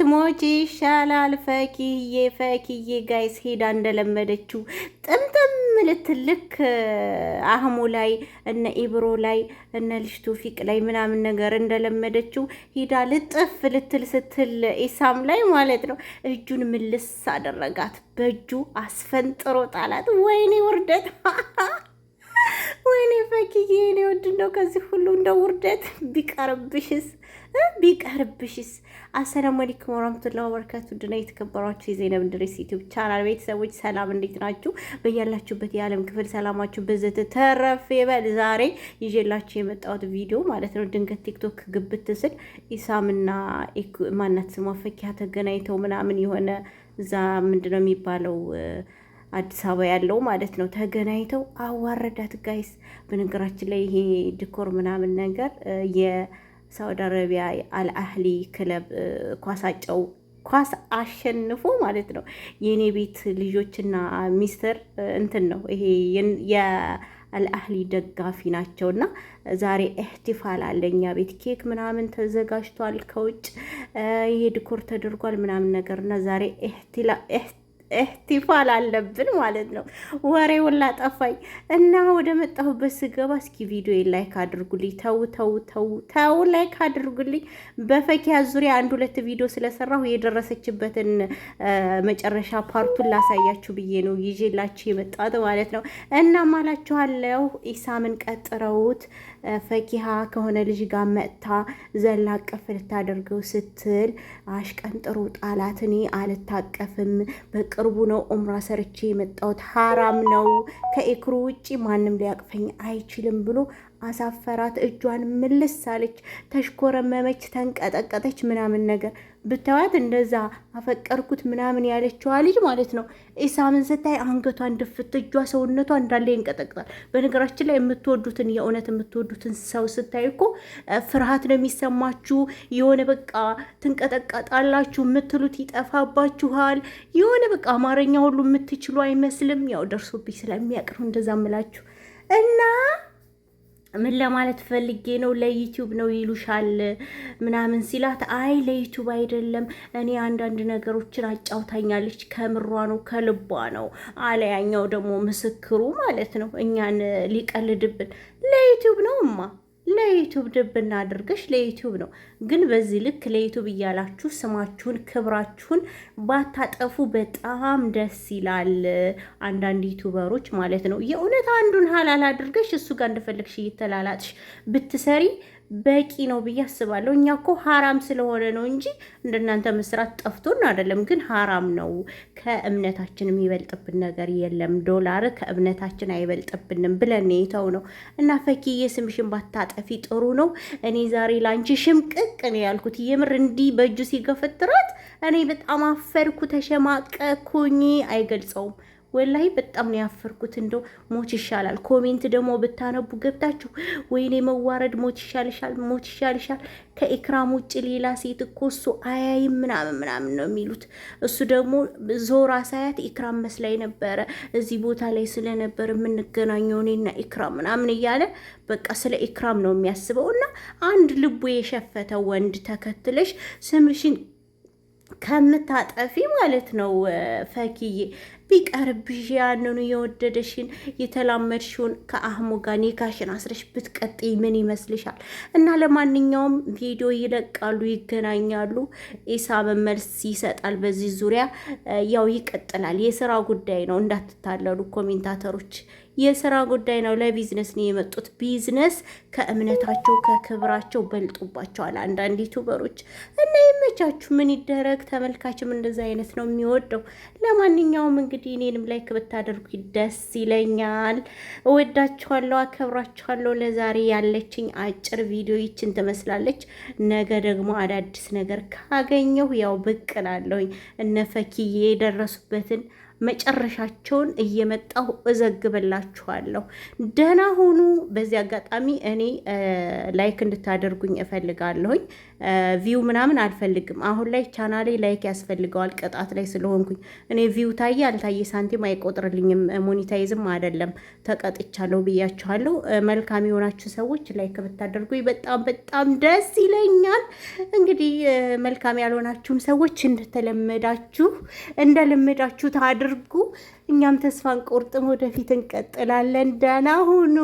ትሞች ይሻላል ፈኪዬ ፈኪዬ ጋይስ ሄዳ እንደለመደችው ጥምጥም ልትልክ አህሙ ላይ እነ ኢብሮ ላይ እነ ልጅ ቶፊቅ ላይ ምናምን ነገር እንደለመደችው ሄዳ ልጥፍ ልትል ስትል ኢሳም ላይ ማለት ነው እጁን ምልስ አደረጋት። በእጁ አስፈንጥሮ ጣላት። ወይኔ ውርደት! ወይኔ ፈኪዬ እኔ ወድ ነው ከዚህ ሁሉ እንደ ውርደት ቢቀርብሽስ ቢቀርብሽስ? አሰላሙ አለይኩም ወራህመቱላሂ ወበረካቱ ድና የተከበሯችሁ የዘይነብ እንድሬስ ዩቲዩብ ቻናል ቤተሰቦች ሰላም፣ እንዴት ናችሁ? በያላችሁበት የዓለም ክፍል ሰላማችሁ በዘተ ተረፍ ይበል። ዛሬ ይዤላችሁ የመጣሁት ቪዲዮ ማለት ነው ድንገት ቲክቶክ ግብት ስል ኢሳምና ማናት ስሟ ፈኪያ ተገናኝተው ምናምን የሆነ እዛ ምንድነው የሚባለው አዲስ አበባ ያለው ማለት ነው ተገናኝተው አዋረዳት ጋይስ። በነገራችን ላይ ይሄ ዲኮር ምናምን ነገር ሳውዲ አረቢያ አልአህሊ ክለብ ኳሳጨው ኳስ አሸንፎ ማለት ነው። የእኔ ቤት ልጆችና ሚስተር እንትን ነው ይሄ የአልአህሊ ደጋፊ ናቸው እና ዛሬ እህትፋል አለ እኛ ቤት ኬክ ምናምን ተዘጋጅቷል። ከውጭ ይሄ ድኮር ተደርጓል ምናምን ነገር እና ዛሬ ኢህቲፋል አለብን ማለት ነው። ወሬ ሁላ ጠፋኝ እና ወደ መጣሁበት ስገባ እስኪ ቪዲዮ ላይክ አድርጉልኝ። ተው ተው ተው ተው፣ ላይክ አድርጉልኝ። በፈኪያ ዙሪያ አንድ ሁለት ቪዲዮ ስለሰራሁ የደረሰችበትን መጨረሻ ፓርቱን ላሳያችሁ ብዬ ነው ይዤላችሁ የመጣሁት ማለት ነው። እና ማላችኋለሁ ኢሳምን ቀጥረውት ፈኪሃ ከሆነ ልጅ ጋር መጥታ ዘላ አቀፍ ልታደርገው ስትል አሽቀንጥሩ ጣላት። እኔ አልታቀፍም በቅ በቅርቡ ነው ኡምራ ሰርቼ የመጣሁት ሀራም ነው ከኢክሩ ውጭ ማንም ሊያቅፈኝ አይችልም ብሎ አሳፈራት። እጇን ምልስ አለች፣ ተሽኮረመመች፣ ተንቀጠቀጠች ምናምን ነገር ብታዋት እንደዛ አፈቀርኩት ምናምን ያለችዋ ልጅ ማለት ነው። ኢሳምን ስታይ አንገቷን ድፍት፣ እጇ ሰውነቷ እንዳለ ይንቀጠቅጣል። በነገራችን ላይ የምትወዱትን የእውነት የምትወዱትን ሰው ስታይ እኮ ፍርሃት ነው የሚሰማችሁ። የሆነ በቃ ትንቀጠቀጣላችሁ፣ የምትሉት ይጠፋባችኋል። የሆነ በቃ አማርኛ ሁሉ የምትችሉ አይመስልም። ያው ደርሶብኝ ስለሚያቅር እንደዛ ምላችሁ እና ምን ለማለት ፈልጌ ነው ለዩቲዩብ ነው ይሉሻል ምናምን ሲላት፣ አይ ለዩቲዩብ አይደለም እኔ አንዳንድ ነገሮችን አጫውታኛለች። ከምሯ ነው ከልቧ ነው አለ ያኛው ደግሞ ምስክሩ ማለት ነው። እኛን ሊቀልድብን ለዩቲዩብ ነው እማ ለዩቱብ ድብ እናድርገሽ ለዩቱብ ነው። ግን በዚህ ልክ ለዩቱብ እያላችሁ ስማችሁን ክብራችሁን ባታጠፉ በጣም ደስ ይላል። አንዳንድ ዩቱበሮች ማለት ነው የእውነት አንዱን ሀላል አድርገሽ እሱ ጋር እንደፈለግሽ እየተላላጥሽ ብትሰሪ በቂ ነው ብዬ አስባለሁ። እኛ እኮ ሀራም ስለሆነ ነው እንጂ እንደናንተ መስራት ጠፍቶን አይደለም። ግን ሀራም ነው። ከእምነታችን የሚበልጥብን ነገር የለም። ዶላር ከእምነታችን አይበልጥብንም ብለን የተው ነው እና ፈኪዬ ስምሽን ባታጠፊ ጥሩ ነው። እኔ ዛሬ ላንቺ ሽምቅቅ ነው ያልኩት። የምር እንዲህ በእጁ ሲገፈትራት እኔ በጣም አፈርኩ፣ ተሸማቀኩኝ። አይገልጸውም ወላሂ በጣም ነው ያፈርኩት። እንደው ሞት ይሻላል። ኮሜንት ደግሞ ብታነቡ ገብታችሁ ወይኔ መዋረድ፣ ሞት ይሻልሻል፣ ሞት ይሻልሻል፣ ከኢክራም ውጭ ሌላ ሴት እኮ እሱ አያይም ምናምን ምናምን ነው የሚሉት። እሱ ደግሞ ዞራ ሳያት ኢክራም መስላይ ነበረ እዚህ ቦታ ላይ ስለነበር የምንገናኘው እኔና ኢክራም ምናምን እያለ በቃ ስለ ኢክራም ነው የሚያስበው። እና አንድ ልቡ የሸፈተ ወንድ ተከትለሽ ስምሽን ከምታጠፊ ማለት ነው ፈኪዬ ቢቀርብሽ ያንኑ የወደደሽን የተላመድሽውን ከአህሙ ጋር ኒካሽን አስረሽ ብትቀጥይ ምን ይመስልሻል? እና ለማንኛውም ቪዲዮ ይለቃሉ፣ ይገናኛሉ። ኢሳ መመልስ ይሰጣል። በዚህ ዙሪያ ያው ይቀጥላል። የስራ ጉዳይ ነው፣ እንዳትታለሉ ኮሜንታተሮች። የስራ ጉዳይ ነው። ለቢዝነስ ነው የመጡት። ቢዝነስ ከእምነታቸው ከክብራቸው በልጡባቸዋል አንዳንድ ዩቱበሮች እና የመቻችሁ ምን ይደረግ። ተመልካችም እንደዚ አይነት ነው የሚወደው። ለማንኛውም እንግዲህ እንግዲህ እኔንም ላይክ ብታደርጉ ደስ ይለኛል። እወዳችኋለሁ፣ አከብራችኋለሁ። ለዛሬ ያለችኝ አጭር ቪዲዮ ይችን ትመስላለች። ነገ ደግሞ አዳዲስ ነገር ካገኘሁ ያው ብቅ እላለሁኝ እነ ፈኪዬ የደረሱበትን መጨረሻቸውን እየመጣሁ እዘግብላችኋለሁ። ደህና ሆኑ። በዚህ አጋጣሚ እኔ ላይክ እንድታደርጉኝ እፈልጋለሁኝ። ቪው ምናምን አልፈልግም። አሁን ላይ ቻናሌ ላይክ ያስፈልገዋል፣ ቅጣት ላይ ስለሆንኩኝ እኔ ቪው ታየ አልታየ ሳንቲም አይቆጥርልኝም። ሞኒታይዝም አይደለም ተቀጥቻለሁ ብያችኋለሁ። መልካም የሆናችሁ ሰዎች ላይክ ብታደርጉኝ በጣም በጣም ደስ ይለኛል። እንግዲህ መልካም ያልሆናችሁም ሰዎች እንደተለመዳችሁ እንደለመዳችሁ ታድር አድርጉ። እኛም ተስፋ አንቆርጥም፣ ወደፊት እንቀጥላለን። ደህና ሁኑ።